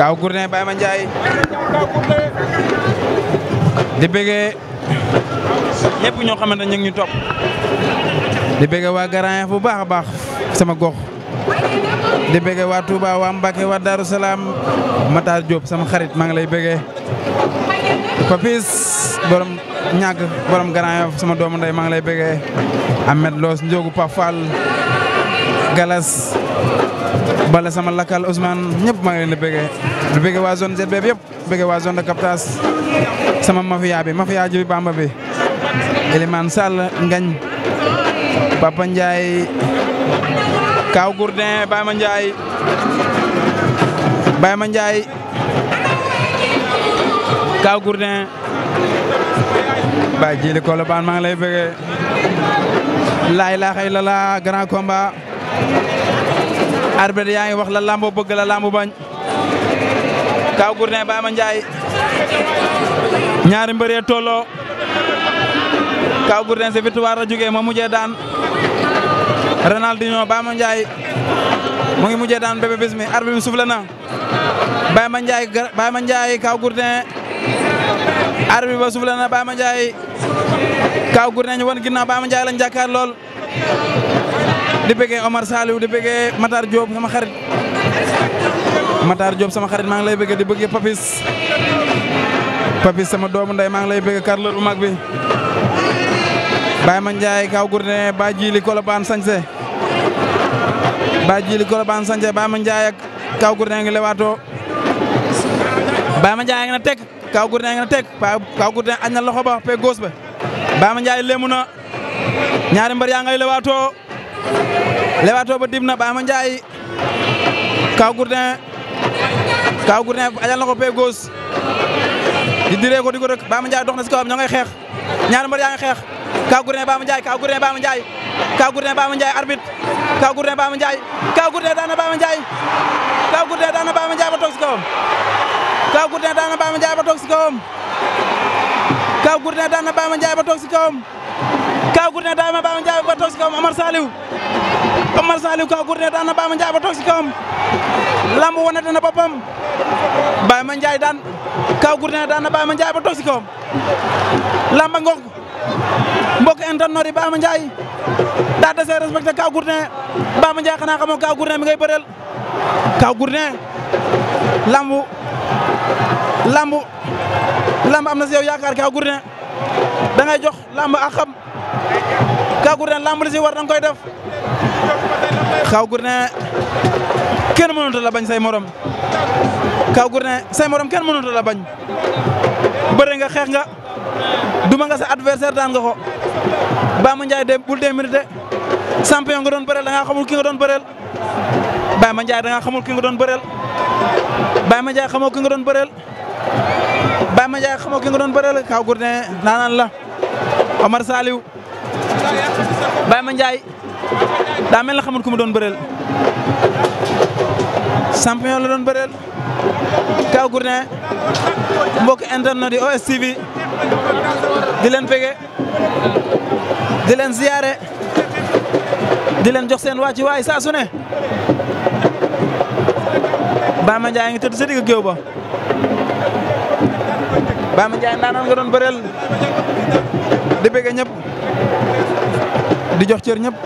Kaw Gourdin Baye Ma Ndiaye di bëggee ñëpp ñoo xamante ñu ngi ñu topp di bëggee waa Grand bu baax a baax sama gox di bëggee waa Touba waa Mbacké waa Darou Salaam Matar Diop sama xarit maa ngi lay bëggee Papis borom ñàgg borom Grand sama doomu ndey maa ngi lay bëggee Ahmed Loos Ndiogu Pafal Galas bala sama lakkal Ousmane ñëpp maa ngi leen di bëggee di bëggee waa zone ZB bi yëpp bëggee waa zone de captage sama mafia bi bi Bamba bi Elimane Sall Ngañ Papa Ndiaye Kaaw Gourdin Baye Ma Ndiaye Baye Ma Ndiaye Kaaw Gourdin Baye Jili Kolobaan maa ngi lay bëggee laay laaxay lala grand combat arbitre yaa ngi wax la lambo bëgg la lambo bañ Kaw Gourdin Baye Ma Ndiaye ñaari mbëree Kaw Gourdin si victoire la jógee ma mujjee daan Ronaldinho Baye Ma Ndiaye mu ngi mujjee daan Bébé Bismi arbitre bi soufflé na Ma Ndiaye Baye Ma Ndiaye Kaw Gourdin arbitre ba soufflé na Baye Ma Ndiaye Kaw Gourdin ñu won ginnaaw Baye Ma Ndiaye lañ jàkkaar lool di bëggee Omar Saliou di bëggee Matar Diop sama xarit Matar Diop sama xarit maa ngi lay bëggee di bëggee Papis Papis sama doomu nday maa ngi lay bëggee Carlo bu mag bi Baye ma Ndiaye kaw Gourdin Ba Djili Colobane Sañse Ba Djili Colobane Sañse Baye ma Ndiaye ak kaw Gourdin ngi lewaatoo Baye ma Ndiaye ngi na teg kaw Gourdin ngi na teg kaw Gourdin añ na loxo ba pe gauche ba Baye ma Ndiaye lemu na ñaari mbër yaa ngay lewaatoo lewato ba dimna Baama Ndiaye Kaw Gourdin Kaw Gourdin ajal na ko pied gauche di diree ko di ko rek Baama Ndiaye dox na si kawam ñoo ngay xeex ñaari mbër yaa ngi xeex Kaw Gourdin Baama Ndiaye Kaw Gourdin Baama Ndiaye Kaw Gourdin Baama Ndiaye arbitre Kaw Gourdin Baama Ndiaye Kaw Gourdin daan na Baama Ndiaye Kaw Gourdin daan na Baama Ndiaye ba toog si kawam Kaw Gourdin daan na Baama Ndiaye ba toog si kawam Kaw Gourdin daan na Baama Ndiaye ba toog si kawam Kaw Gourdin daan na Bama Ndiaye ba toog si kawam Omar Saliou Omar Saliou Kaw Gourdin daan na Bama Ndiaye ba toog kawam lamb wanate na boppam Bama Ndiaye daan Kaw Gourdin daan na Bama Ndiaye ba kawam lamba ngoog mbokk internet yi Bama Ndiaye daa desee respecté Kaw Gourdin Bama Ndiaye xanaa xamoo Kaw Gourdin mi ngay bëreel Kaw Gourdin lambu lambu lamb am na si yow yaakaar da ngay jox làmb ak xam Kaw Gourdin làmb li si war da koy def Kaw Gourdin kenn mënut la bañ say morom Kaw Gourdin say morom kenn mënut la bañ bëre nga xeex nga duma nga sa adversaire daan nga ko Bamba Ndiaye de bul démérité champion nga doon bëreel da ngaa xamul ki nga doon bëreel Baye Mandiaye da nga xamul ki nga doon bëreel Baye Mandiaye xamoo ki nga doon bëreel Baye Mandiaye xamoo ki nga doon bëreel Kaw Gourdin naanaan la Omar Saliou Baye Mandiaye daa mel na xamul ku mu doon bëreel champion la doon bëreel Kaw Gourdin mbokk internet yi OSTV di leen pege di ziyaare di leen jox seen wàcci waay saa su ne Baye Mandiaye ngi tëdd sa digg géew ba Baye Mandiaye ndaanaan nga doon bëreel di bëgg ñëpp di jox cër ñëpp